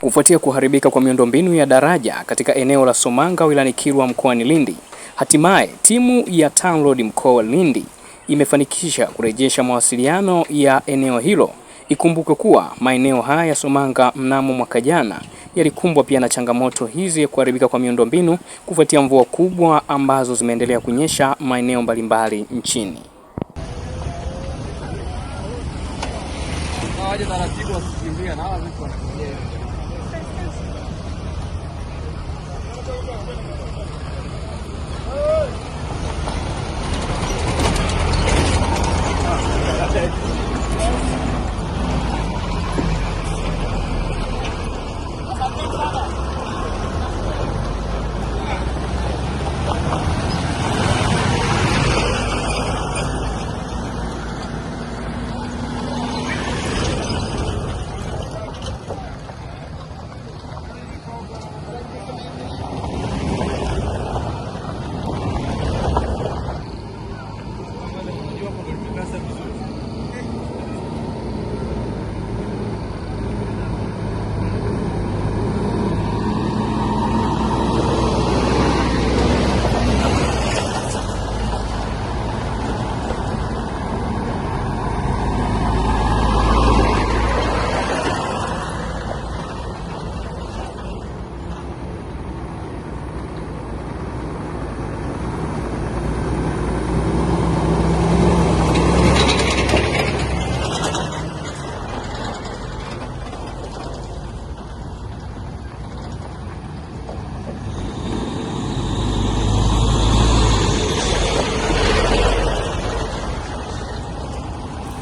Kufuatia kuharibika kwa miundombinu ya daraja katika eneo la Somanga wilayani Kilwa mkoani Lindi, hatimaye timu ya TANROADS mkoa wa Lindi imefanikisha kurejesha mawasiliano ya eneo hilo. ikumbuke kuwa maeneo haya ya Somanga mnamo mwaka jana yalikumbwa pia na changamoto hizi ya kuharibika kwa miundombinu kufuatia mvua kubwa ambazo zimeendelea kunyesha maeneo mbalimbali nchini. minimum.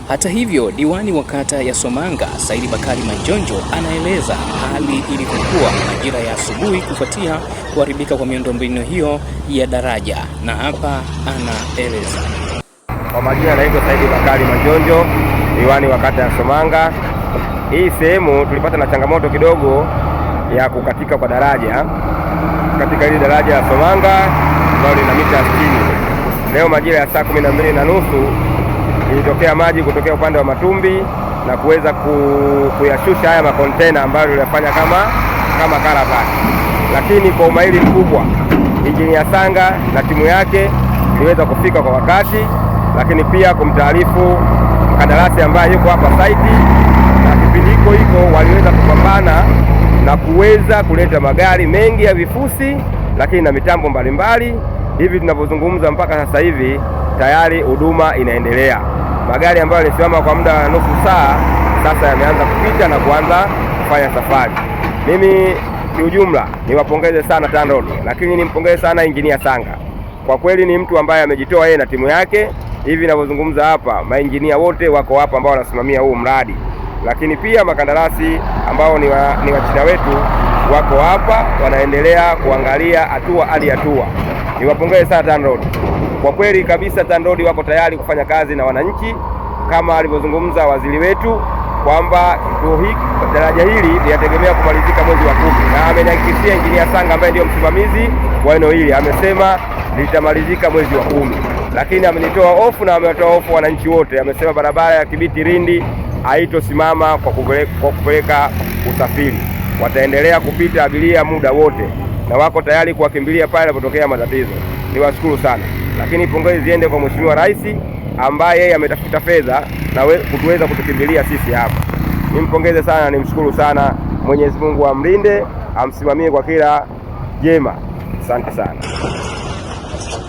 Hata hivyo, diwani wa kata ya Somanga Saidi Bakari Manjonjo anaeleza hali ilivyokuwa majira ya asubuhi kufuatia kuharibika kwa miundombinu hiyo ya daraja, na hapa anaeleza. Kwa majina anaitwa Saidi Bakari Manjonjo, diwani wa kata ya Somanga. Hii sehemu tulipata na changamoto kidogo ya kukatika kwa daraja katika hili daraja la Somanga ambalo lina mita 60. Leo majira ya saa kumi na mbili na nusu ilitokea maji kutokea upande wa Matumbi na kuweza kuyashusha haya makontena ambayo tuliyafanya kama kama karavati, lakini kwa umahiri mkubwa Injinia Sanga na timu yake iliweza kufika kwa wakati, lakini pia kumtaarifu mkandarasi ambaye yuko hapa saiti, na kipindi hiko hiko waliweza kupambana na kuweza kuleta magari mengi ya vifusi, lakini na mitambo mbalimbali. Hivi tunavyozungumza mpaka sasa hivi tayari huduma inaendelea. Magari ambayo yalisimama kwa muda wa nusu saa sasa yameanza kupita na kuanza kufanya safari. Mimi kiujumla niwapongeze sana TANROADS, lakini nimpongeze sana Injinia Sanga. Kwa kweli ni mtu ambaye amejitoa yeye na timu yake. Hivi ninavyozungumza hapa, mainjinia wote wako hapa ambao wanasimamia huu mradi, lakini pia makandarasi ambao ni wachina wetu wako hapa wanaendelea kuangalia hatua hadi hatua. Niwapongeze sana TANROADS. Kwa kweli kabisa, TANROADS wako tayari kufanya kazi na wananchi kama alivyozungumza waziri wetu kwamba daraja hili linategemea kumalizika mwezi wa kumi, na amenihakikishia Injinia Sanga ambaye ndiyo msimamizi wa eneo hili, amesema litamalizika mwezi wa kumi, lakini amenitoa hofu na amewatoa hofu wananchi wote. Amesema barabara ya Kibiti Lindi haitosimama kwa kupeleka usafiri, wataendelea kupita abiria muda wote, na wako tayari kuwakimbilia pale yanapotokea matatizo. Niwashukuru sana lakini pongezi ziende kwa Mheshimiwa Rais ambaye yeye ametafuta fedha na kutuweza kutukimbilia sisi hapa. Nimpongeze sana, nimshukuru sana. Mwenyezi Mungu amlinde, amsimamie kwa kila jema. Asante sana.